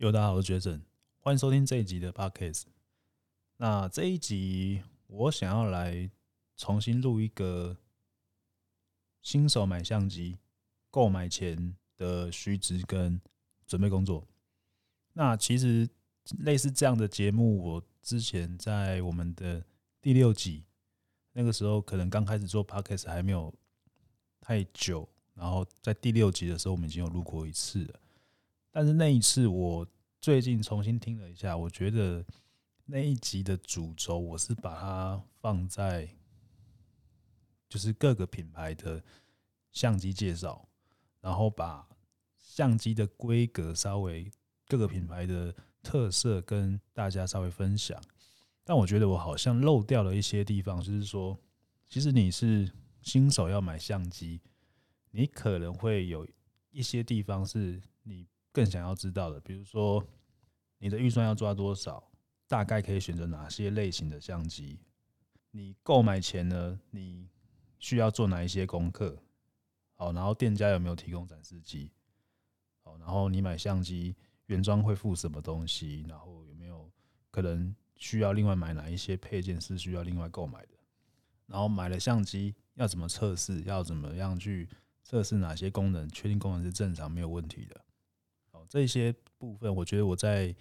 Yo，大家好，我是 Jason、er，歡迎收聽這一集的 Podcast。那這一集我想要來重新錄一個新手買相機購買前的須知跟準備工作。那其實類似這樣的節目，我之前在我們的第六集。那個時候可能剛開始做 Podcast 還沒有太久，然後在第六集的時候我們已經有錄過一次了，但是那一次我最近重新聽了一下，我覺得那一集的主軸我是把它放在就是各個品牌的相機介紹，然後把相機的規格稍微各個品牌的特色跟大家稍微分享。但我覺得我好像漏掉了一些地方，就是說，其實你是新手要買相機，你可能會有一些地方是你更想要知道的，比如說你的預算要抓多少，大概可以選擇哪些類型的相機，你購買前呢，你需要做哪一些功課？好，然後店家有沒有提供展示機？好，然後你買相機原裝會附什麼東西？然後有沒有可能？需要另外買哪一些配件是需要另外購買的？然後買了相機要怎麼測試？要怎麼樣去測試哪些功能？確定功能是正常沒有問題的。好，這些部分我覺得我在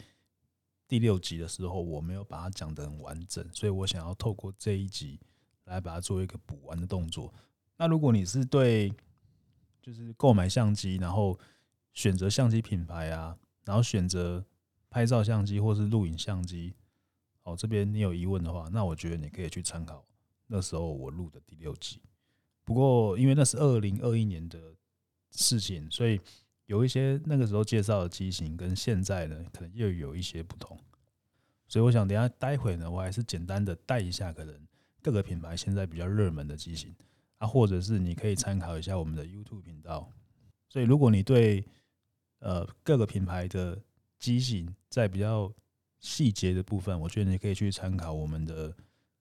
第六集的時候我沒有把它講得很完整，所以我想要透過這一集來把它做一個補完的動作。那如果你是對，就是購買相機，然後選擇相機品牌啊，然後選擇拍照相機或是錄影相機。哦，這邊你有疑問的話，那我覺得你可以去參考那時候我錄的第六集。不過因為那是二零二一年的事情，所以有一些那個時候介紹的機型跟現在呢可能又有一些不同。所以我想等下待會呢，我還是簡單的帶一下可能各個品牌現在比較熱門的機型啊，或者是你可以參考一下我們的 YouTube 頻道。所以如果你對呃各個品牌的機型在比較，細節的部分，我覺得你可以去參考我們的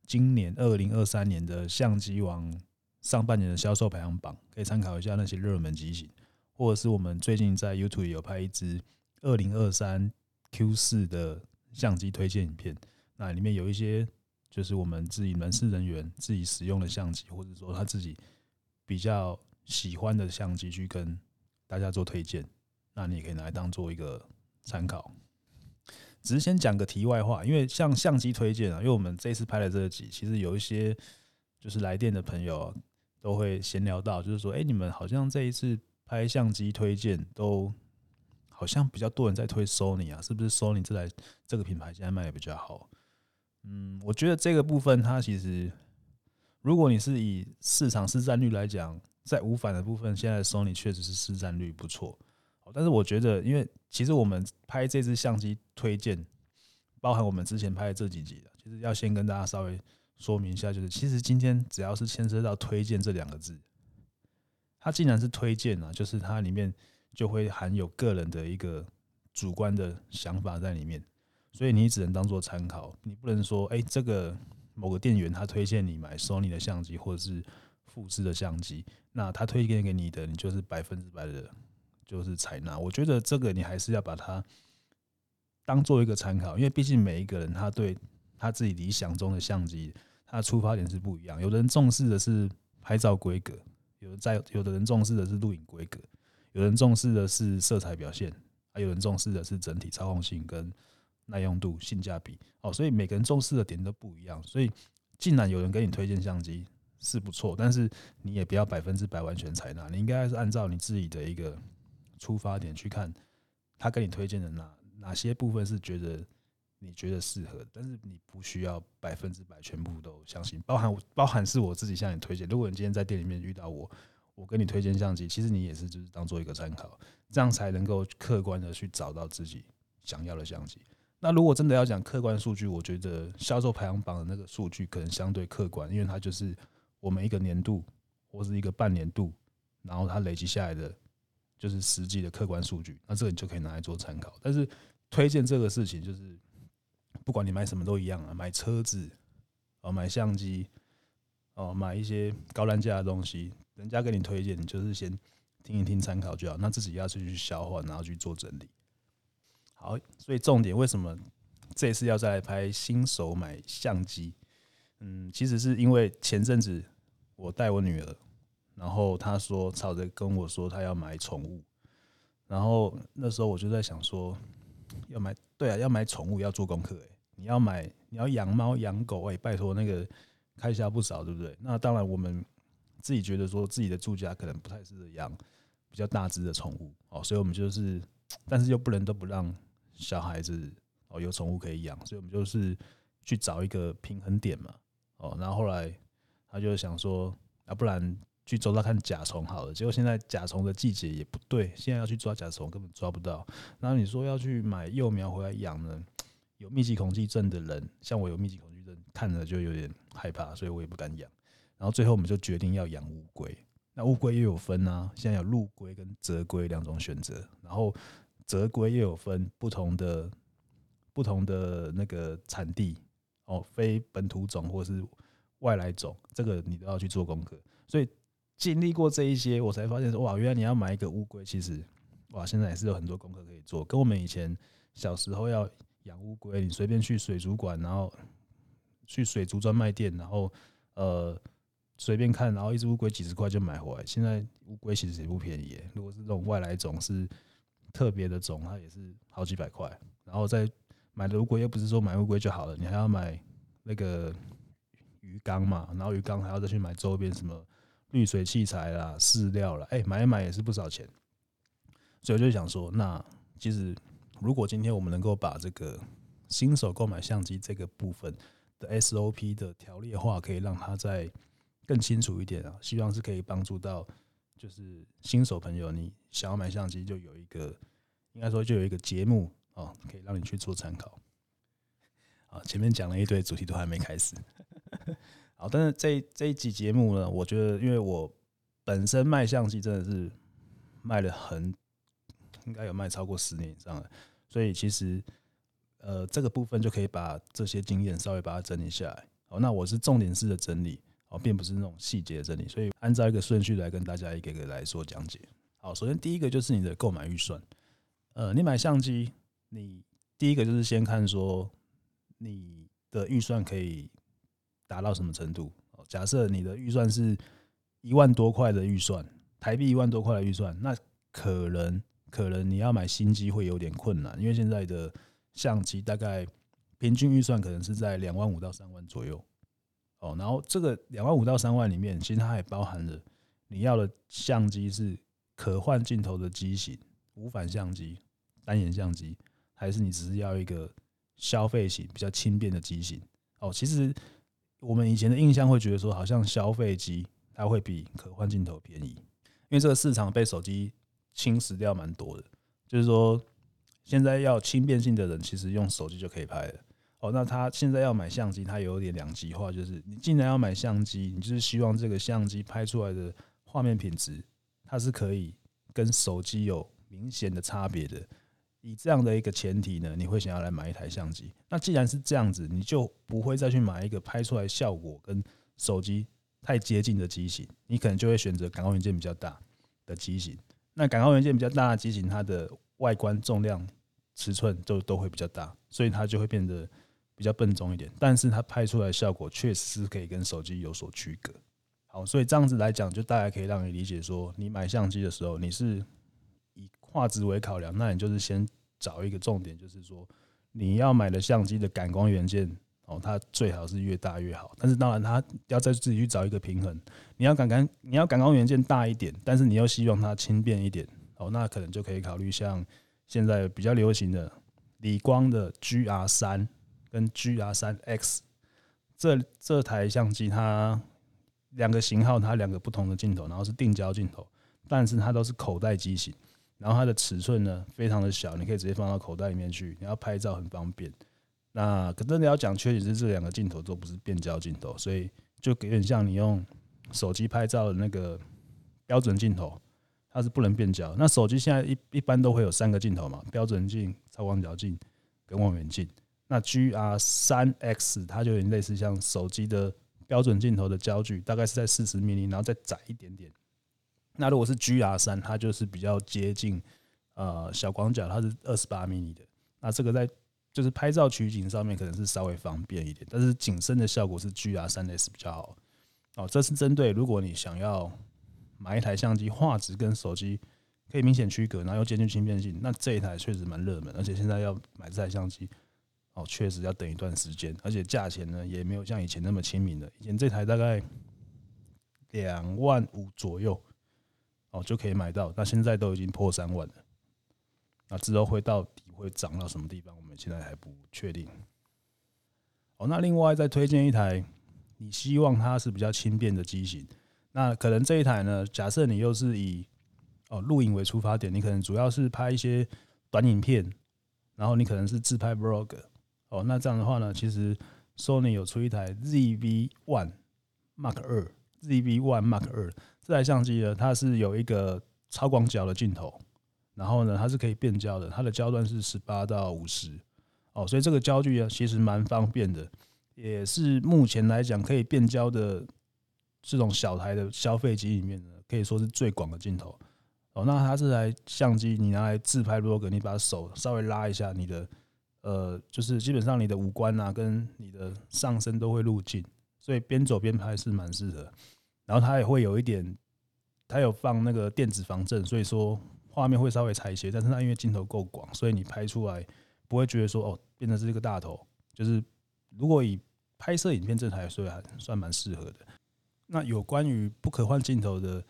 今年二零二三年的相機王上半年的銷售排行榜，可以參考一下那些熱門機型，或者是我們最近在 YouTube 有拍一支二零二三 Q 四的相機推薦影片，那裡面有一些就是我們自己門市人員自己使用的相機，或者說他自己比較喜歡的相機，去跟大家做推薦，那你也可以拿來當做一個參考。只是先講個題外話，因為像相機推薦啊，因為我們這一次拍的這個集，其實有一些就是來電的朋友啊，都會閒聊到，就是說，哎、欸，你們好像這一次拍相機推薦，都好像比較多人在推 Sony 啊，是不是？Sony 這台這個品牌現在賣得比較好。嗯，我覺得這個部分它其實，如果你是以市場市占率來講，在無反的部分，現在 Sony 確實是市占率不錯。但是我覺得，因為其實我們拍這支相機推薦，包含我們之前拍的這幾集的，其實要先跟大家稍微說明一下，就是其實今天只要是牽涉到推薦這兩個字，它既然是推薦呢，就是它裡面就會含有個人的一個主觀的想法在裡面，所以你只能當做參考，你不能說哎、欸，這個某個店員他推薦你買索尼的相機或者是富士的相機，那他推薦給你的，你就是百分之百的。就是採納，我覺得這個你還是要把它當做一個參考，因為畢竟每一個人他對他自己理想中的相機，他出發點是不一樣。有的人重視的是拍照規格，有在有的人重視的是錄影規格，有人重視的是色彩表現，還有人重視的是整體操控性跟耐用度、性價比。哦，所以每個人重視的點都不一樣，所以既然有人給你推薦相機是不錯，但是你也不要百分之百完全採納，你應該還是按照你自己的一個。出發點去看，他跟你推薦的哪哪些部分是覺得你覺得適合，但是你不需要百分之百全部都相信，包含包含是我自己向你推薦。如果你今天在店裡面遇到我，我給你推薦相機，其實你也是就是當做一個參考，這樣才能夠客觀的去找到自己想要的相機。那如果真的要講客觀數據，我覺得銷售排行榜的那個數據可能相對客觀，因為它就是我們一個年度或是一個半年度，然後它累積下來的。就是實際的客觀數據，那這個你就可以拿來做參考。但是推薦這個事情，就是不管你買什麼都一樣啊，買車子，哦，買相機，哦，買一些高單價的東西，人家給你推薦，你就是先聽一聽參考就好，那自己要去消化，然後去做整理。好，所以重點為什麼這次要再來拍新手買相機？嗯，其實是因為前陣子我帶我女兒。然後他說，吵着跟我說他要買寵物，然後那時候我就在想說，要買，對啊，要買寵物要做功課哎、欸，你要買你要養貓養狗哎、欸，拜託那個開銷不少對不對？那當然我們自己覺得說自己的住家可能不太適合養比較大隻的寵物哦，所以我們就是，但是又不能都不讓小孩子哦有寵物可以養，所以我們就是去找一個平衡點嘛哦，然後後來他就想說，要不然。去走到看甲蟲好了，結果現在甲蟲的季節也不對，現在要去抓甲蟲根本抓不到。然後你說要去買幼苗回來養呢？有密集恐懼症的人，像我有密集恐懼症，看着就有點害怕，所以我也不敢養。然後最後我們就決定要養烏龜。那烏龜又有分啊，現在有陸龜跟澤龜兩種選擇。然後澤龜又有分不同的、不同的那個產地哦，非本土種或是外來種，這個你都要去做功課，所以。經歷過這一些，我才發現說，哇，原來你要買一個烏龜，其實哇，現在也是有很多功課可以做，跟我們以前小時候要養烏龜，你隨便去水族館，然後去水族專賣店，然後呃隨便看，然後一隻烏龜幾十塊就買回來。現在烏龜其實也不便宜耶，如果是這種外來種是特別的種，它也是好幾百塊。然後再買的烏龜，又不是說買烏龜就好了，你還要買那個魚缸嘛，然後魚缸還要再去買周邊什麼，濾水器材啦，飼料啦，哎、欸，買一買也是不少錢。所以我就想說，那其實如果今天我們能夠把這個新手購買相機這個部分的 SOP 的條例化，可以讓它再更清楚一點啊，希望是可以幫助到就是新手朋友，你想要買相機就有一個，應該說就有一個節目啊、喔，可以讓你去做參考。啊。前面講了一堆，主題都還沒開始。好，但是這一這一集節目呢，我覺得因為我本身賣相機真的是賣了很，應該有賣超過十年以上的，所以其實呃，這個部分就可以把這些經驗稍微把它整理下來。好，那我是重點式的整理，哦，並不是那種細節的整理，所以按照一個順序來跟大家一個一個來說講解。好，首先第一個就是你的購買預算，呃，你買相機，你第一個就是先看說你的預算可以。達到什麼程度？假設你的預算是一萬多塊的預算，台幣一萬多塊的預算，那可能可能你要買新機會有點困難，因為現在的相機大概平均預算可能是在兩萬五到三萬左右。哦，然後這個兩萬五到三萬裡面，其實它也包含了你要的相機是可換鏡頭的機型、無反相機、單眼相機，還是你只是要一個消費型比較輕便的機型？哦，其實。我們以前的印象會覺得說，好像消費機它會比可換鏡頭便宜，因為這個市場被手機侵蝕掉蠻多的。就是說，現在要輕便性的人，其實用手機就可以拍了。喔。哦，那他現在要買相機，他有點兩極化，就是你既然要買相機，你就是希望這個相機拍出來的畫面品質，它是可以跟手機有明顯的差別的。以這樣的一個前提呢，你會想要來買一台相機。那既然是這樣子，你就不會再去買一個拍出來的效果跟手機太接近的機型。你可能就會選擇感光元件比較大的機型。那感光元件比較大的機型，它的外觀、重量、尺寸就都會比較大，所以它就會變得比較笨重一點。但是它拍出來的效果確實是可以跟手機有所區隔。好，所以這樣子來講，就大概可以讓你理解說，你買相機的時候，你是以畫質為考量，那你就是先。找一個重點就是說，你要買的相機的感光元件哦，它最好是越大越好。但是當然，它要再自己去找一個平衡。你要感感，你要感光元件大一點，但是你又希望它輕便一點哦，那可能就可以考慮像現在比較流行的理光的 GR 三跟 GR 三 X 這這台相機，它兩個型號，它兩個不同的鏡頭，然後是定焦鏡頭，但是它都是口袋機型。然後它的尺寸呢，非常的小，你可以直接放到口袋裡面去。你要拍照很方便那。那可是你要講缺點是這兩個鏡頭都不是變焦鏡頭，所以就有點像你用手機拍照的那個標準鏡頭，它是不能變焦。那手機現在一一般都會有三個鏡頭嘛，標準鏡、超廣角鏡跟望遠鏡。那 GR 三 X 它就有點類似像手機的標準鏡頭的焦距，大概是在四十毫米，然後再窄一點點。那如果是 G R 三，它就是比較接近，呃，小廣角，它是二十八毫米的。那這個在就是拍照取景上面可能是稍微方便一點，但是景深的效果是 G R 三 S 比較好。哦，這是針對如果你想要買一台相機，畫質跟手機可以明顯區隔，然後又兼具輕便性，那這一台確實蠻熱門，而且現在要買這台相機，哦，確實要等一段時間，而且價錢呢也沒有像以前那麼親民了。以前這台大概兩萬五左右。哦，就可以買到。那現在都已經破三萬了，那之後會到底會漲到什麼地方？我們現在還不確定。哦，那另外再推薦一台，你希望它是比較輕便的機型。那可能這一台呢，假設你又是以哦錄影為出發點，你可能主要是拍一些短影片，然後你可能是自拍 vlog。哦，那這樣的話呢，其實 Sony 有出一台 ZV one Mark 二，ZV one Mark 二。這台相機呢，它是有一個超廣角的鏡頭，然後呢，它是可以變焦的，它的焦段是十八到五十，哦，所以這個焦距啊，其實蠻方便的，也是目前來講可以變焦的這種小台的消費機裡面呢，可以說是最廣的鏡頭。哦，那它這台相機你拿來自拍 vlog，如果你把手稍微拉一下，你的呃，就是基本上你的五官啊，跟你的上身都會入鏡，所以邊走邊拍是蠻適合。然後它也會有一點，它有放那個電子防震，所以說，畫面會稍微差一些。但是它因為鏡頭夠廣，所以你拍出來不會覺得說，哦，變成是一個大頭。就是如果以拍攝影片這台來說，所以還算蠻適合的。那有關於不可換鏡頭的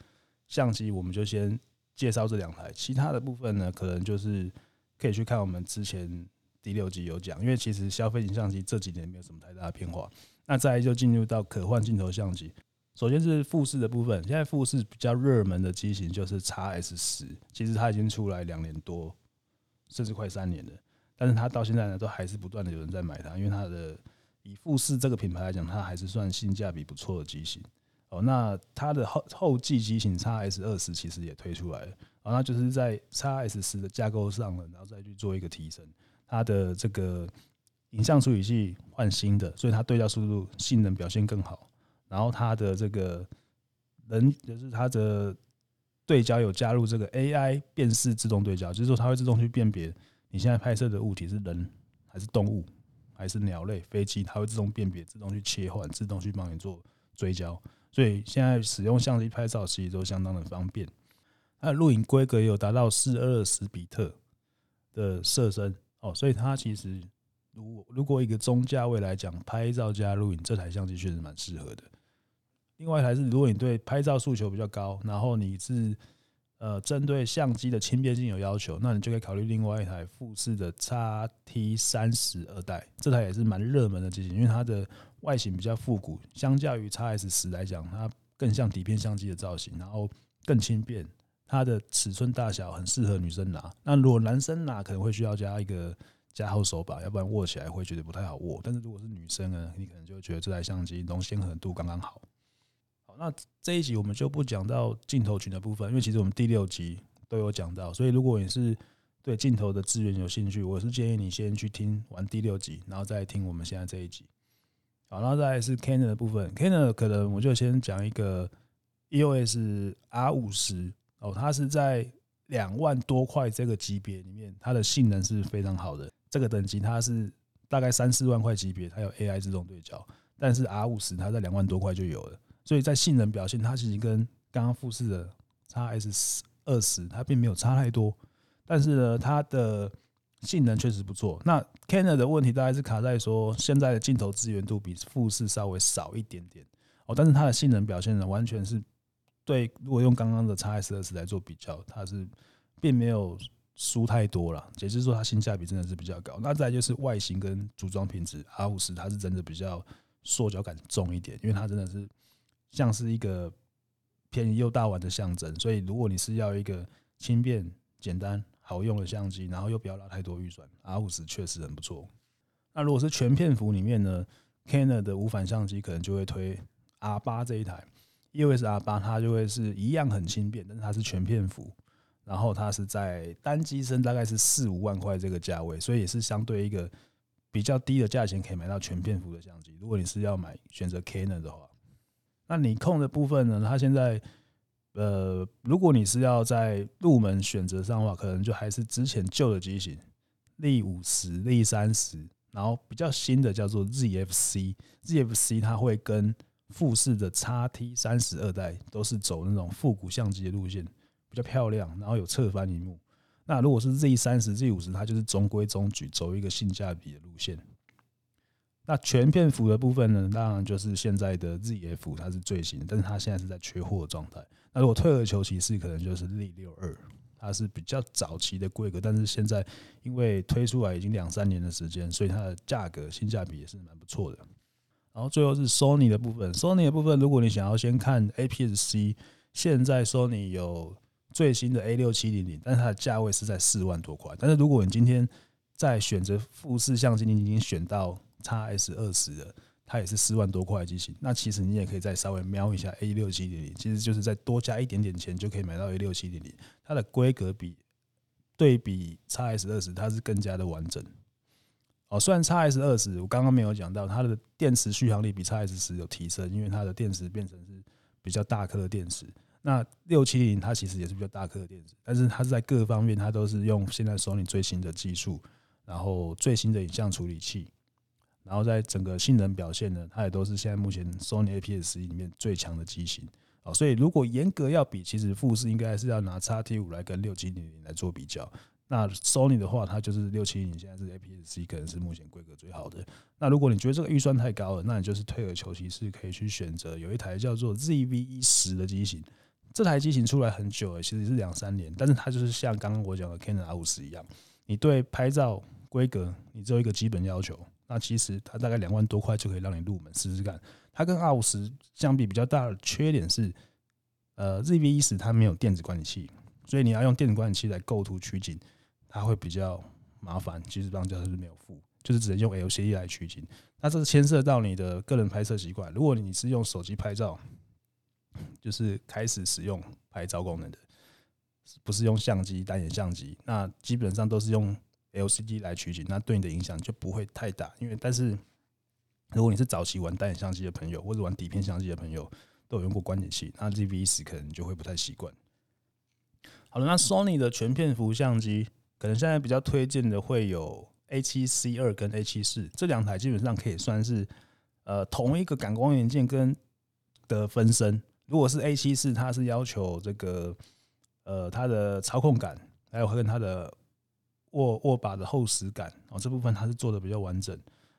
相機，我們就先介紹這兩台。其他的部分呢，可能就是可以去看我們之前第六集有講，因為其實消費型相機這幾年沒有什麼太大的變化。那再來就進入到可換鏡頭相機。首先是富士的部分，現在富士比較熱門的機型就是 XS10，其實它已經出來兩年多，甚至快三年了，但是它到現在呢，都還是不斷的有人在買它，因為它的以富士這個品牌來講，它還是算性價比不錯的機型。哦，那它的後後繼機型 XS20 其實也推出來了，那就是在 XS10 的架構上了，然後再去做一個提升，它的這個影像處理器換新的，所以它對焦速度、性能表現更好。然後它的這個人，就是它的對焦有加入這個 AI 辨識自動對焦，就是說它會自動去辨別你現在拍攝的物體是人還是動物還是鳥類、飛機，它會自動辨別、自動去切換、自動去幫你做追焦，所以現在使用相機拍照其實都相當的方便。它的錄影規格也有達到四二十比特的色深哦，所以它其實。如如果一個中價位來講，拍照加錄影，這台相機確實蠻適合的。另外一台是，如果你對拍照訴求比較高，然後你是呃針對相機的輕便性有要求，那你就可以考慮另外一台富士的 X T 三十二代。這台也是蠻熱門的機型，因為它的外形比較復古，相較於 X S 十來講，它更像底片相機的造型，然後更輕便，它的尺寸大小很適合女生拿。那如果男生拿，啊，可能會需要加一個。加厚手把，要不然握起來會覺得不太好握。但是如果是女生呢，你可能就覺得這台相機容顯和度剛剛好，好。好，那這一集我們就不講到鏡頭群的部分，因為其實我們第六集都有講到。所以如果你是對鏡頭的資源有興趣，我是建議你先去聽完第六集，然後再聽我們現在這一集。好，然後再來是 Canon 的部分，Canon 可能我就先講一個 EOS R50 哦，它是在兩萬多塊這個級別裡面，它的性能是非常好的。這個等級它是大概三四萬塊級別，它有 AI 自動對焦，但是 R 五十，它在兩萬多塊就有了，所以在性能表現，它其實跟剛剛富士的 X S 二十，它並沒有差太多，但是呢，它的性能確實不錯。那 Canon 的問題大概是卡在說，現在的鏡頭支援度比富士稍微少一點點哦，但是它的性能表現呢，完全是對，如果用剛剛的 X S 二十來做比較，它是並沒有。書太多了，也就是說它性價比真的是比較高。那再來就是外形跟組裝品質，R 五十它是真的比較塑膠感重一點，因為它真的是像是一個便宜又大碗的象徵。所以如果你是要一個輕便、簡單、好用的相機，然後又不要拉太多預算，R 五十確實很不錯。那如果是全片幅裡面呢，Canon 的無反相機可能就會推 R 八這一台，因為是 R 八它就會是一樣很輕便，但是它是全片幅。然後它是在單機身大概是四五萬塊這個價位，所以也是相對一個比較低的價錢可以買到全片幅的相機，如果你是要買選擇 Canon 的話，那 Nikon 的部分呢？它現在呃，如果你是要在入門選擇上的話，可能就還是之前舊的機型，Z50、Z30。然後比較新的叫做 ZFC，ZFC 它會跟富士的 X T 三十二代都是走那種復古相機的路線，比較漂亮，然後有側翻螢幕。那如果是 Z 三十、Z 五十，它就是中規中矩，走一個性價比的路線。那全片幅的部分呢？當然就是現在的 ZF，它是最新，但是它現在是在缺貨狀態。那如果退而求其次，可能就是 Z 六二，它是比較早期的規格，但是現在因為推出來已經兩三年的時間，所以它的價格性價比也是蠻不錯的。然後最後是 Sony 的部分，Sony 的部分，如果你想要先看 APS-C，現在 Sony 有。最新的 A 六七零零，但是它的價位是在四萬多塊。但是如果你今天在選擇富士相機，你已經選到 X S 二十的，它也是四萬多塊的機型。那其實你也可以再稍微瞄一下 A 六七零零，其實就是再多加一點點錢就可以買到 A 六七零零。它的規格比對比 X S 二十它是更加的完整。哦，雖然 X S 二十我剛剛沒有講到，它的電池續航力比 X S 十有提升，因為它的電池變成是比較大顆的電池。那六七零它其實也是比較大顆的電池，但是它是在各方面它都是用現在 Sony 最新的技術，然後最新的影像處理器，然後在整個性能表現呢，它也都是現在目前 Sony APS-C 裡面最強的機型啊。所以如果嚴格要比，其實富士應該是要拿 X T 五來跟六七零來做比較。那 Sony 的話，它就是六七零現在是 APS-C 可能是目前規格最好的。那如果你覺得這個預算太高了，那你就是退而求其次，可以去選擇有一台叫做 ZV 十的機型。這台機型出來很久了，其實也是兩三年，但是它就是像剛剛我講的 Canon R 50一樣，你對拍照規格，你只有一個基本要求，那其實它大概兩萬多塊就可以讓你入門試試看。它跟 R 50相比，比較大的缺點是，呃，ZV-E10 它沒有電子管理器，所以你要用電子管理器來構圖取景，它會比較麻煩。其實讓家它是沒有附，就是只能用 LCD 來取景。那這是牽涉到你的個人拍攝習慣，如果你是用手機拍照。就是開始使用拍照功能的，不是用相機單眼相機，那基本上都是用 LCD 來取景，那對你的影響就不會太大。因為但是如果你是早期玩單眼相機的朋友，或者玩底片相機的朋友，都有用過觀景器，那這 V 十，可能就會不太習慣。好了，那 Sony 的全片幅相機，可能現在比較推薦的會有 A 七 C 二跟 A 七四這兩台，基本上可以算是呃同一個感光元件跟的分身。如果是 A 七四，它是要求這個呃，它的操控感，還有跟它的握握把的厚實感，哦，這部分它是做的比較完整。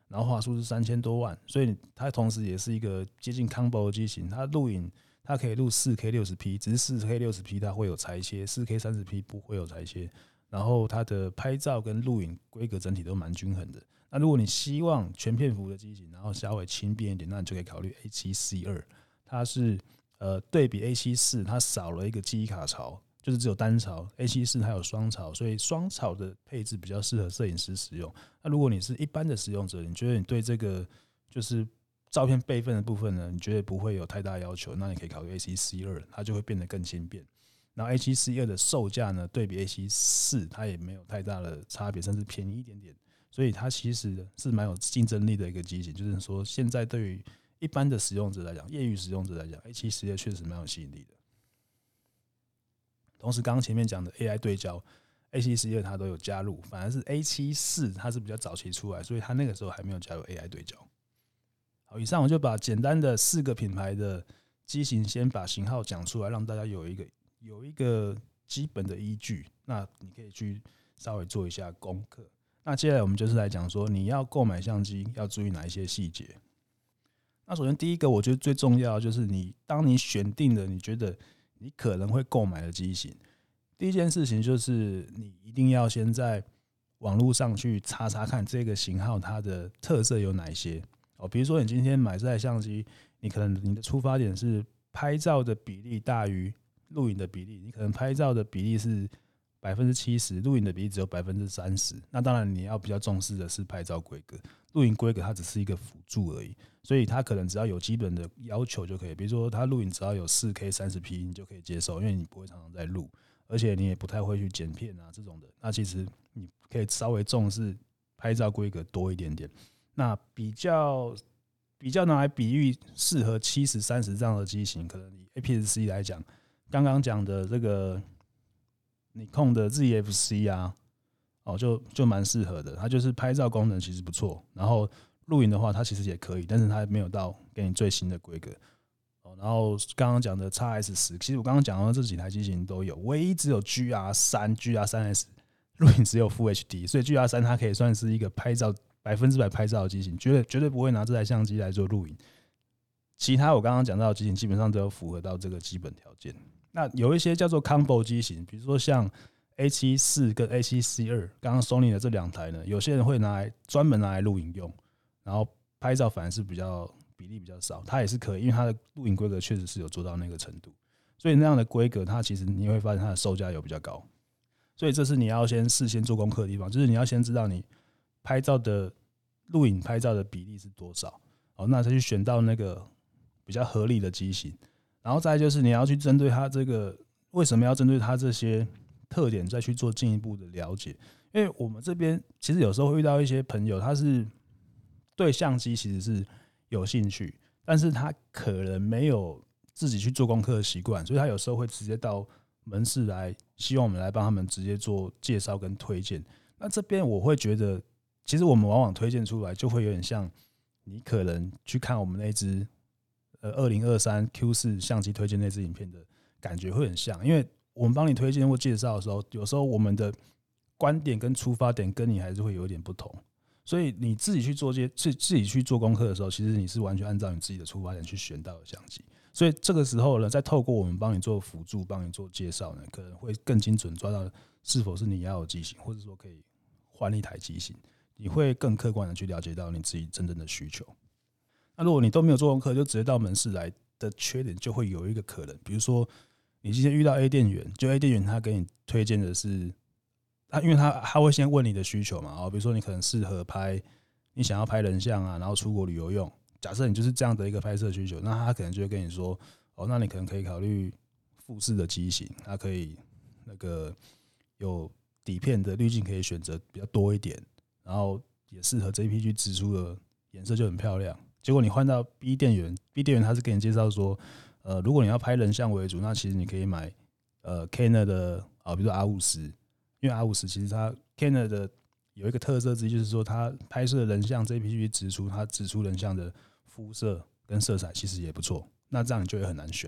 然後畫質是三千多萬，所以它同時也是一個接近 combo 的機型。它錄影它可以錄四 K 六十 P，只是四 K 六十 P 它會有裁切，四 K 三十 P 不會有裁切。然後它的拍照跟錄影規格整體都蠻均衡的。那如果你希望全片幅的機型，然後稍微輕便一點，那你就可以考慮 A 七 C 二，它是。呃，對比 A 七四，它少了一個記憶卡槽，就是只有單槽。A 七四它有雙槽，所以雙槽的配置比較適合攝影師使用。那如果你是一般的使用者，你覺得你對這個就是照片備份的部分呢，你覺得不會有太大要求，那你可以考慮 A 七 C 二，它就會變得更輕便。然後 A 七 C 二的售價呢，對比 A 七四，它也沒有太大的差別，甚至便宜一點點。所以它其實是蠻有競爭力的一個機型，就是說現在對於。一般的使用者來講，業餘使用者來講，A 七系列確實蠻有吸引力的。同時，剛剛前面講的 AI 對焦，A 七系列它都有加入，反而是 A 七四它是比較早期出來，所以它那個時候還沒有加入 AI 對焦。好，以上我就把簡單的四個品牌的機型，先把型號講出來，讓大家有一個有一個基本的依據，那你可以去稍微做一下功課。那接下來我們就是來講說，你要購買相機要注意哪一些細節。那首先第一個，我覺得最重要就是，你當你選定了你覺得你可能會購買的機型，第一件事情就是你一定要先在網絡上去查查看這個型號它的特色有哪些哦。比如說，你今天買這台相機，你可能你的出發點是拍照的比例大於錄影的比例，你可能拍照的比例是。百分之七十，錄影的比例只有百分之三十，那當然你要比較重視的是拍照規格，錄影規格它只是一個輔助而已，所以它可能只要有基本的要求就可以，比如說它錄影只要有四 K 三十 P 你就可以接受，因為你不會常常在錄，而且你也不太會去剪片啊這種的，那其實你可以稍微重視拍照規格多一點點，那比較比較拿來比喻適合七十三十這樣的機型，可能以 APS-C 來講，剛剛講的這個。你控的 ZFC 啊，哦，就就蠻適合的。它就是拍照功能其實不錯，然後錄影的話它其實也可以，但是它沒有到給你最新的規格。哦，然後剛剛講的 XS10，其實我剛剛講到這幾台機型都有，唯一只有 GR 三、GR 三 S 錄影只有 Full HD，所以 GR 三它可以算是一個拍照百分之百拍照的機型，絕對絕對不會拿這台相機來做錄影。其他我剛剛講到的機型基本上都要符合到這個基本條件。那有一些叫做 combo 機型，比如說像 A7 四跟 A7C 二，剛剛 Sony 的這兩台呢，有些人會拿來專門拿來錄影用，然後拍照反而是比較比例比較少，它也是可以，因為它的錄影規格確實是有做到那個程度，所以那樣的規格它其實你會發現它的售價有比較高，所以這是你要先事先做功課的地方，就是你要先知道你拍照的錄影拍照的比例是多少，哦，那再去選到那個比較合理的機型。然後再來就是你要去針對它這個為什麼要針對它這些特點再去做進一步的了解，因為我們這邊其實有時候會遇到一些朋友，他是對相機其實是有興趣，但是他可能沒有自己去做功課的習慣，所以他有時候會直接到門市來，希望我們來幫他們直接做介紹跟推薦。那這邊我會覺得，其實我們往往推薦出來就會有點像你可能去看我們那支。呃，二零二三 Q 四相機推薦那支影片的感覺會很像，因為我們幫你推薦或介紹的時候，有時候我們的觀點跟出發點跟你還是會有一點不同，所以你自己去做些自己自己去做功課的時候，其實你是完全按照你自己的出發點去選到的相機，所以這個時候呢，再透過我們幫你做輔助、幫你做介紹呢，可能會更精準抓到是否是你要的機型，或者說可以換一台機型，你會更客觀的去了解到你自己真正的需求。那如果你都沒有做功課就直接到門市來的缺點就會有一個可能，比如說你今天遇到 A 店員，就 A 店員他給你推薦的是他，啊，因為他他會先問你的需求嘛，哦，比如說你可能適合拍你想要拍人像啊，然後出國旅遊用，假設你就是這樣的一個拍攝需求，那他可能就會跟你說，哦，那你可能可以考慮富士的機型，啊，它可以那個有底片的濾鏡可以選擇比較多一點，然後也適合 JPG 直出的顏色就很漂亮。結果你換到 B 店員，B 店員他是給你介紹說，呃，如果你要拍人像為主，那其實你可以買呃 Canon 的啊，呃，比如說 R50，因為 R50 其實它 Canon 的有一個特色之一就是說它拍攝人像，這 JPG 直出它直出人像的膚色跟色彩其實也不錯，那這樣你就也很難選，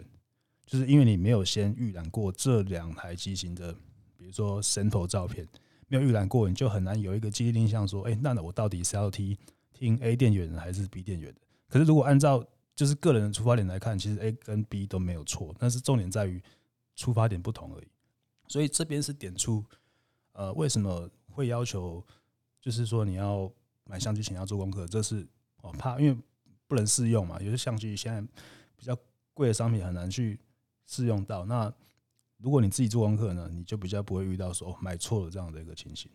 就是因為你沒有先預覽過這兩台機型的，比如說 Sample 照片沒有預覽過，你就很難有一個記憶印象說，哎，欸，那我到底是要聽 A 店員的還是 B 店員的？可是，如果按照就是個人的出發點來看，其實 A 跟 B 都沒有錯，但是重點在於出發點不同而已。所以這邊是點出，呃，為什麼會要求就是說你要買相機前要做功課？這是哦怕，因為不能試用嘛。有些相機現在比較貴的商品很難去試用到。那如果你自己做功課呢，你就比較不會遇到說買錯了這樣的一個情形。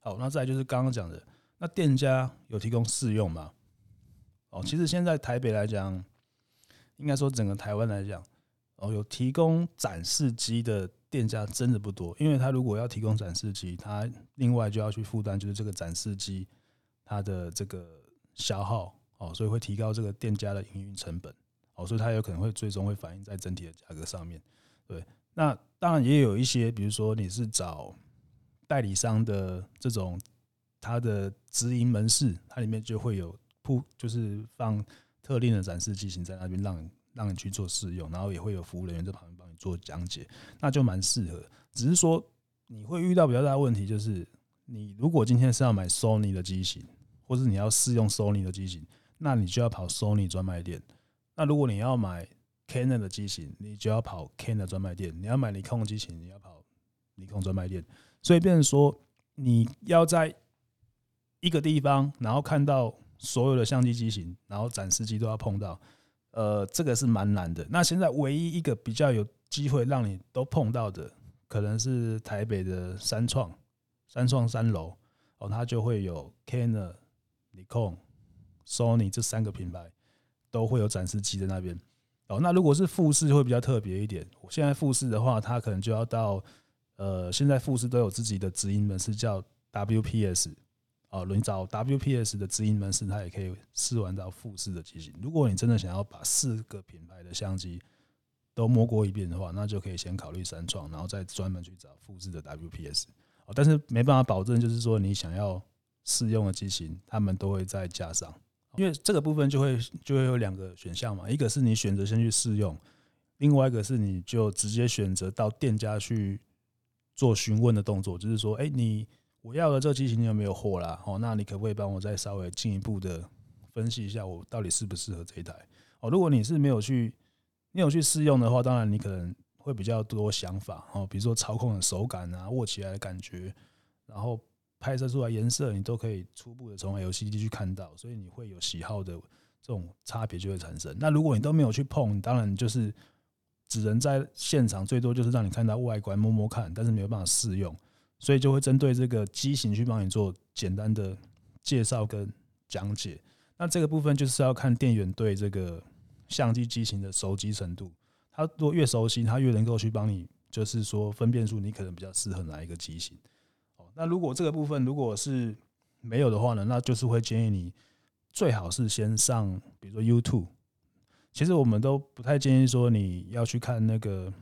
好，那再來就是剛剛講的，那店家有提供試用嗎？哦，其實現在台北來講，應該說整個台灣來講，哦，有提供展示機的店家真的不多，因為他如果要提供展示機，他另外就要去負擔，就是這個展示機它的這個消耗哦，所以會提高這個店家的營運成本哦，所以它有可能會最終會反映在整體的價格上面。對，那當然也有一些，比如說你是找代理商的這種，它的直營門市，它裡面就會有。就是放特定的展示機型在那邊，讓你讓你去做試用，然後也會有服務人員在旁邊幫你做講解，那就蠻適合。只是說你會遇到比較大的問題，就是你如果今天是要買 Sony 的機型，或是你要試用 Sony 的機型，那你就要跑 Sony 專賣店；那如果你要買 Canon 的機型，你就要跑 Canon 的專賣店；你要買尼康的機型，你要跑尼康專賣店。所以變成說，你要在一個地方，然後看到。所有的相機機型，然後展示機都要碰到，呃，這個是蠻難的。那現在唯一一個比較有機會讓你都碰到的，可能是台北的三創，三創三樓哦，它就會有 Canon、Nikon、Sony 這三個品牌都會有展示機在那邊。哦，那如果是富士會比較特別一點。現在富士的話，它可能就要到呃，現在富士都有自己的直營門市叫 WPS，哦，你找 WPS 的直營門市，它也可以試玩到富士的機型。如果你真的想要把四個品牌的相機都摸過一遍的話，那就可以先考慮三創，然後再專門去找富士的 WPS。但是沒辦法保證，就是說你想要試用的機型，他們都會在架上，因為這個部分就會就會有兩個選項嘛，一個是你選擇先去試用，另外一個是你就直接選擇到店家去做詢問的動作，就是說，哎，你。我要的這機型你有沒有貨啦？哦，那你可不可以幫我再稍微進一步的分析一下，我到底適不適合這一台？哦，如果你是沒有去、沒有去試用的話，當然你可能會比較多想法哦，比如說操控的手感啊，握起來的感覺，然後拍攝出來顏色，你都可以初步的從 LCD 去看到，所以你會有喜好的這種差別就會產生。那如果你都沒有去碰，當然就是只能在現場最多就是讓你看到外觀摸摸看，但是沒有辦法試用。所以就會針對這個機型去幫你做簡單的介紹跟講解。那這個部分就是要看店員對這個相機機型的熟悉程度。他如果越熟悉，他越能夠去幫你，就是說分辨出你可能比較適合哪一個機型。哦，那如果這個部分如果是沒有的話呢，那就是會建議你最好是先上，比如說 YouTube。其實我們都不太建議說你要去看那個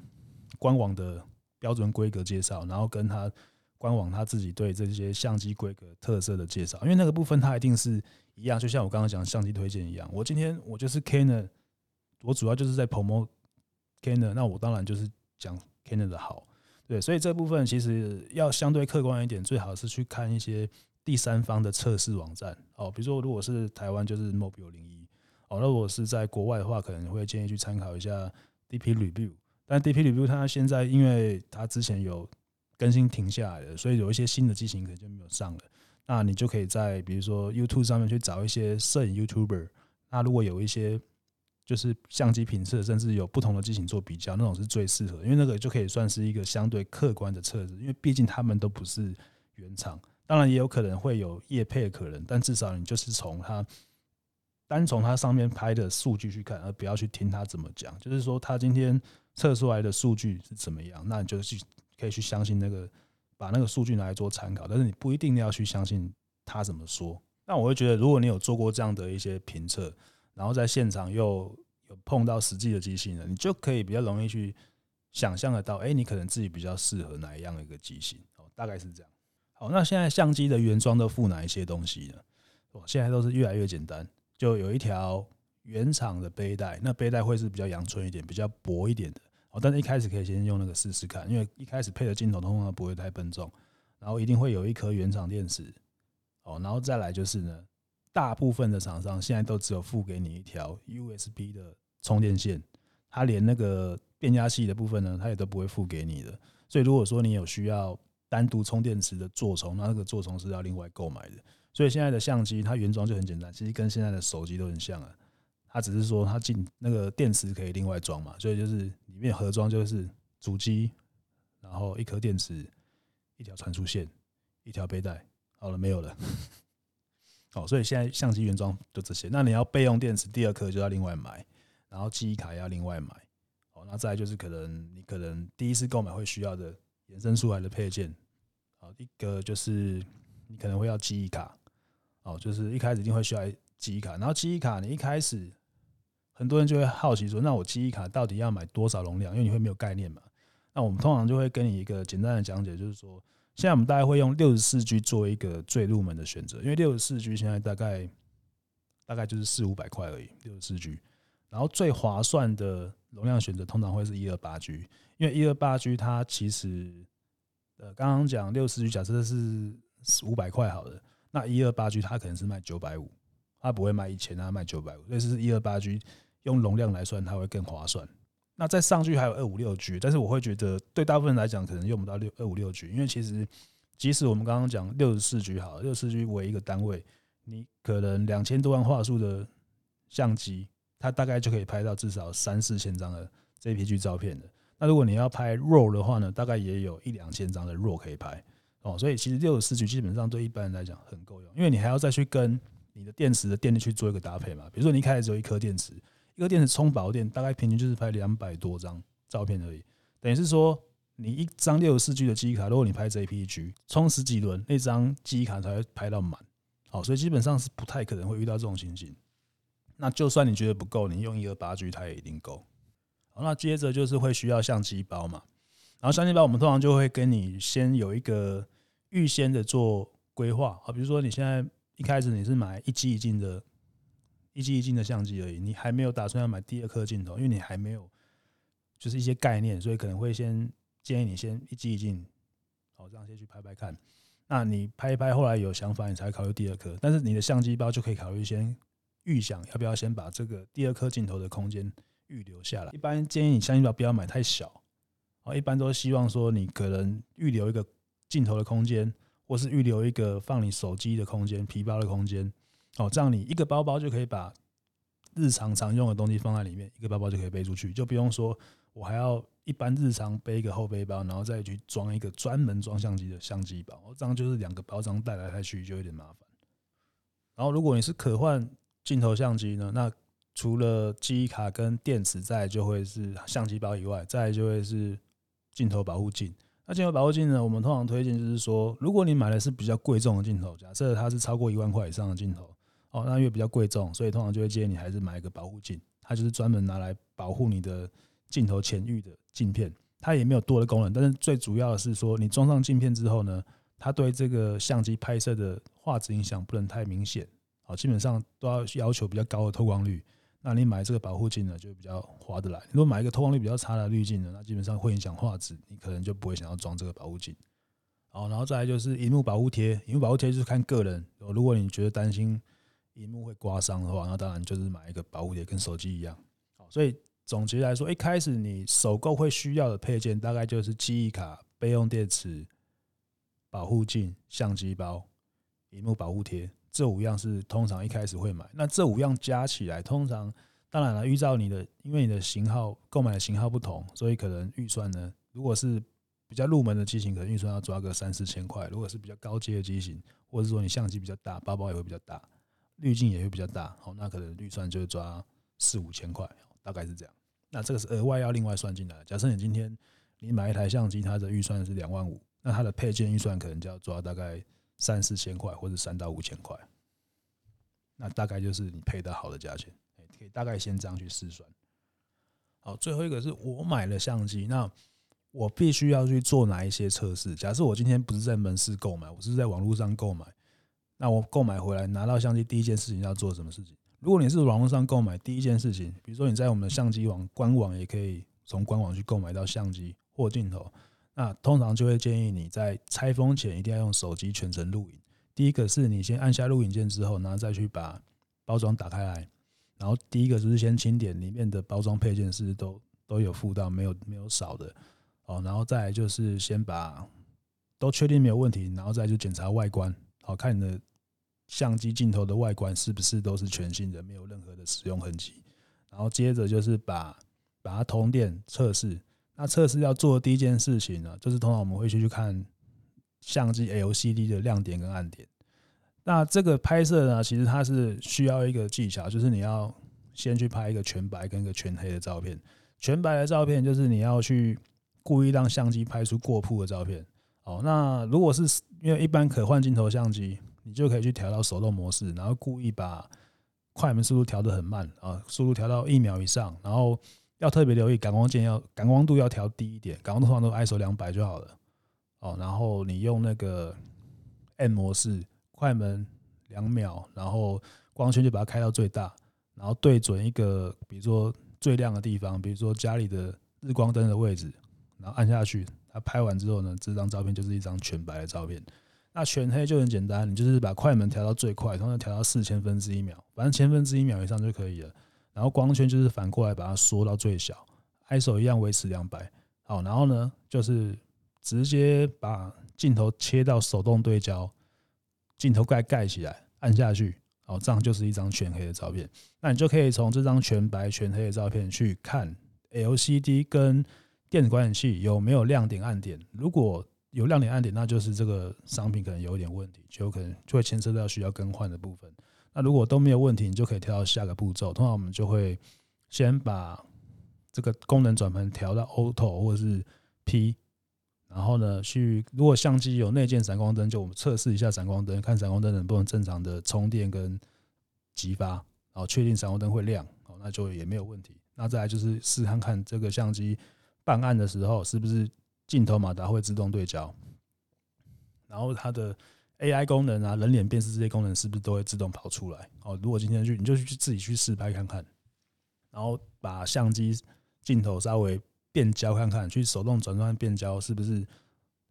官網的標準規格介紹，然後跟他。官網他自己對這些相機規格特色的介紹，因為那個部分它一定是一樣，就像我剛剛講相機推薦一樣。我今天我就是 Canon 我主要就是在 promote Canon 那我當然就是講 Canon 的好。對，所以這部分其實要相對客觀一點，最好是去看一些第三方的測試網站。哦，比如說如果是台灣就是 Mobile 零一、喔，哦，那如果是在國外的話，可能會建議去參考一下 DP Review。但 DP Review 它現在因為它之前有。更新停下來了，所以有一些新的機型可能就沒有上了。那你就可以在比如說 YouTube 上面去找一些攝影 YouTuber。那如果有一些就是相機評測，甚至有不同的機型做比較，那種是最適合，因為那個就可以算是一個相對客觀的測試，因為畢竟他們都不是原廠。當然也有可能會有業配的可能，但至少你就是從它單從它上面拍的數據去看，而不要去聽他怎麼講。就是說他今天測出來的數據是怎麼樣，那你就去。可以去相信那個，把那個數據拿來做參考，但是你不一定要去相信他怎麼說。那我會覺得，如果你有做過這樣的一些評測，然後在現場又有碰到實際的機型，你就可以比較容易去想象得到，哎，你可能自己比較適合哪一樣的一個機型，哦，大概是這樣。好，那現在相機的原裝都附哪一些東西呢？哦，現在都是越來越簡單，就有一條原廠的背帶，那背帶會是比較陽春一點、比較薄一點的。但是一開始可以先用那個試試看，因為一開始配的鏡頭通常不會太笨重，然後一定會有一顆原廠電池，哦，然後再來就是呢，大部分的廠商現在都只有附給你一條 USB 的充電線，它連那個變壓器的部分呢，它也都不會附給你的。所以如果說你有需要單獨充電池的座充，那那個座充是要另外購買的。所以現在的相機它原裝就很簡單，其實跟現在的手機都很像啊。他只是說，他進那個電池可以另外裝嘛，所以就是裡面盒裝就是主機，然後一顆電池，一條傳輸線，一條背帶，好了，沒有了。 哦，所以現在相機原裝就這些。那你要備用電池第二顆就要另外買，然後記憶卡也要另外買。好，那再就是可能你可能第一次購買會需要的延伸出來的配件。好，一個就是你可能會要記憶卡。哦，就是一開始一定會需要記憶卡，然後記憶卡你一開始。很多人就會好奇說：“那我記憶卡到底要買多少容量？因為你會沒有概念嘛？”那我們通常就會跟你一個簡單的講解，就是說，現在我們大概會用六十四 G 作為一個最入門的選擇，因為六十四 G 現在大概大概就是四五百塊而已。六十四 G，然後最划算的容量選擇通常會是一二八 G，因為一二八 G 它其實，呃，剛剛講六十四 G 假設是五百塊好了，那一二八 G 它可能是賣九百五，它不會賣一千，它賣九百五，所以是一二八 G。用容量來算，它會更划算。那再上去還有 256G，但是我會覺得對大部分人來講，可能用不到 256G，因為其實即使我們剛剛講 64G 好了，64G 為一個單位，你可能兩千多萬畫素的相機，它大概就可以拍到至少三四千張的 JPEG 照片的。那如果你要拍 RAW 的話呢，大概也有一兩千張的 RAW 可以拍哦。所以其實 64G 基本上對一般人來講很夠用，因為你還要再去跟你的電池的電力去做一個搭配嘛。比如說你一開始只有一顆電池。一個電池充飽電，大概平均就是拍兩百多張照片而已。等於是說，你一張六十四 G 的記憶卡，如果你拍 JPG，充十幾輪，那張記憶卡才會拍到滿。好，所以基本上是不太可能會遇到這種情形。那就算你覺得不夠，你用一二八 G，它也一定夠。那接着就是會需要相機包嘛。然後相機包，我們通常就會跟你先有一個預先的做規劃啊，比如說你現在一開始你是買一機一鏡的。一機一鏡的相機而已，你還沒有打算要買第二顆鏡頭，因為你還沒有就是一些概念，所以可能會先建議你先一機一鏡，好，這樣先去拍拍看。那你拍一拍，後來有想法，你才考慮第二顆。但是你的相機包就可以考慮先預想要不要先把這個第二顆鏡頭的空間預留下來。一般建議你相機包不要買太小，好，一般都希望說你可能預留一個鏡頭的空間，或是預留一個放你手機的空間、皮包的空間。哦，這樣你一個包包就可以把日常常用的東西放在裡面，一個包包就可以背出去，就不用說我還要一般日常背一個後背包，然後再去裝一個專門裝相機的相機包。這樣就是兩個包，裝帶來帶去就有點麻煩。然後如果你是可換鏡頭相機呢，那除了記憶卡跟電池，再就會是相機包以外，再就會是鏡頭保護鏡。那鏡頭保護鏡呢，我們通常推薦就是說，如果你買的是比較貴重的鏡頭，假設它是超過一萬塊以上的鏡頭。哦，那因為比較貴重，所以通常就會建議你還是買一個保護鏡，它就是專門拿來保護你的鏡頭前域的鏡片，它也沒有多的功能，但是最主要的是說，你裝上鏡片之後呢，它對這個相機拍攝的畫質影響不能太明顯，哦，基本上都要要求比較高的透光率。那你買這個保護鏡呢，就比較划得來。如果買一個透光率比較差的濾鏡呢，那基本上會影響畫質，你可能就不會想要裝這個保護鏡。哦。然後再來就是熒幕保護貼，熒幕保護貼就是看個人，哦，如果你覺得擔心。屏幕會刮傷的話，那當然就是買一個保護貼，跟手機一樣。好，所以總結來說，一開始你首購會需要的配件，大概就是記憶卡、備用電池、保護鏡、相機包、屏幕保護貼，這五樣是通常一開始會買。那這五樣加起來，通常當然了，依照你的因為你的型號購買的型號不同，所以可能預算呢，如果是比較入門的機型，可能預算要抓個三四千塊；如果是比較高階的機型，或者說你相機比較大，包包也會比較大。濾鏡也會比較大，好，那可能預算就會抓四五千塊，大概是這樣。那這個是額外要另外算進來的。假設你今天你買一台相機，它的預算是兩萬五，那它的配件預算可能就要抓大概三四千塊，或者三到五千塊。那大概就是你配的好的價錢，哎，可以大概先這樣去試算。好，最後一個是我買了相機，那我必須要去做哪一些測試？假設我今天不是在門市購買，我是在網絡上購買。那我購買回來拿到相機第一件事情要做什麼事情？如果你是網絡上購買，第一件事情，比如說你在我們的相機網官網，也可以從官網去購買到相機或鏡頭，那通常就會建議你在拆封前一定要用手機全程錄影。第一個是你先按下錄影鍵之後，然後再去把包裝打開來，然後第一個就是先清點裡面的包裝配件是都都有附到沒有，沒有少的哦，然後再來就是先把都確定沒有問題，然後再去檢查外觀，好，看你的。相機鏡頭的外觀是不是都是全新的，沒有任何的使用痕跡？然後接着就是把把它通電測試。那測試要做的第一件事情呢，就是通常我們會去去看相機 LCD 的亮點跟暗點。那這個拍攝呢，其實它是需要一個技巧，就是你要先去拍一個全白跟一個全黑的照片。全白的照片就是你要去故意讓相機拍出過曝的照片。哦。那如果是因為一般可換鏡頭相機。你就可以去調到手動模式，然後故意把快門速度調得很慢啊，速度調到一秒以上，然後要特別留意感光鍵要感光度要調低一點，感光度通常都 ISO 兩百就好了。哦、啊，然後你用那個 M 模式，快門兩秒，然後光圈就把它開到最大，然後對準一個比如說最亮的地方，比如說家裡的日光燈的位置，然後按下去，它拍完之後呢，這張照片就是一張全白的照片。那全黑就很簡單，你就是把快門調到最快，然後調到四千分之一秒，反正千分之一秒以上就可以了。然後光圈就是反過來把它縮到最小，ISO 一樣維持兩百。好，然後呢，就是直接把鏡頭切到手動對焦，鏡頭蓋蓋起來，按下去，好，這樣就是一張全黑的照片。那你就可以從這張全白全黑的照片去看 LCD 跟電子觀景器有沒有亮點暗點，如果，有亮點暗點，那就是這個商品可能有一點問題，就可能就會牽涉到需要更換的部分。那如果都沒有問題，你就可以跳到下個步驟。通常我們就會先把這個功能轉盤調到 Auto 或是 P，然後呢，去如果相機有內建閃光燈，就我們測試一下閃光燈，看閃光燈能不能正常的充電跟激發，然後確定閃光燈會亮，那就也沒有問題。那再來就是試看看這個相機半按的時候是不是，鏡頭馬達會自動對焦，然後它的 AI 功能啊、人臉辨識這些功能是不是都會自動跑出來？哦，如果今天去你就去自己去試拍看看，然後把相機鏡頭稍微變焦看看，去手動轉轉變焦是不是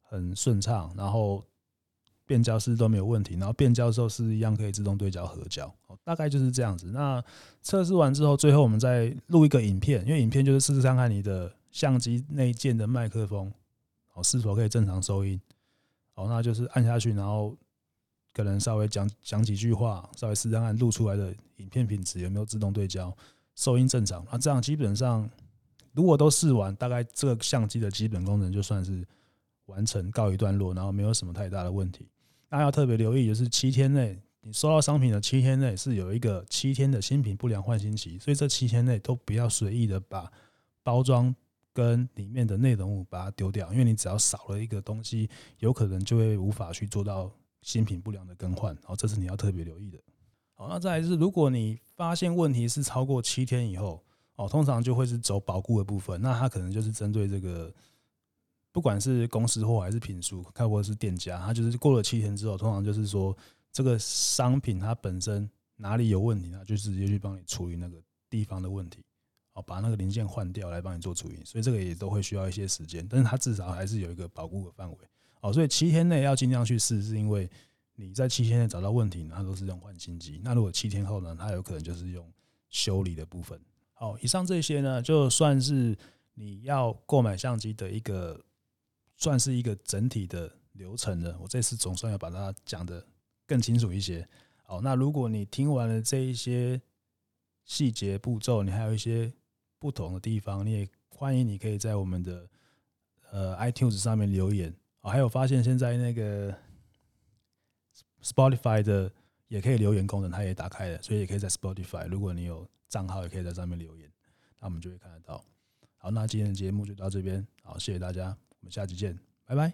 很順暢？然後變焦是都沒有問題，然後變焦的時候是，是一樣可以自動對焦合焦。哦，大概就是這樣子。那測試完之後，最後我們再錄一個影片，因為影片就是試試看看你的相機內建的麥克風。是否可以正常收音？哦，那就是按下去，然後可能稍微講講幾句話，稍微試着按錄出來的影片品質有沒有自動對焦，收音正常。那這樣基本上，如果都試完，大概這個相機的基本功能就算是完成，告一段落，然後沒有什麼太大的問題。大家要特別留意，就是七天內你收到商品的七天內是有一個七天的新品不良換新期，所以這七天內都不要隨意的把包裝。跟裡面的內容物把它丟掉，因為你只要少了一個東西，有可能就會無法去做到新品不良的更換，好，這是你要特別留意的。好，那再來就是，如果你發現問題是超過七天以後，哦，通常就會是走保固的部分，那它可能就是針對這個，不管是公司貨還是平輸，看或者是店家，它就是過了七天之後，通常就是說這個商品它本身哪裡有問題，它就直接去幫你處理那個地方的問題。哦，把那個零件換掉，來幫你做處理，所以這個也都會需要一些時間，但是它至少還是有一個保護的範圍。哦，所以七天內要盡量去試，是因為你在七天內找到問題，它都是用換新機；那如果七天後呢，它有可能就是用修理的部分。好，以上這些呢，就算是你要購買相機的一個，算是一個整體的流程了。我這次總算要把它講得更清楚一些。好，那如果你聽完了這一些細節步驟，你還有一些。不同的地方，你也歡迎你可以在我們的呃 iTunes 上面留言、哦，還有發現現在那個 Spotify 的也可以留言功能，它也打開了，所以也可以在 Spotify，如果你有賬號，也可以在上面留言，那我們就會看得到。好，那今天的節目就到這邊，好，謝謝大家，我們下期見，拜拜。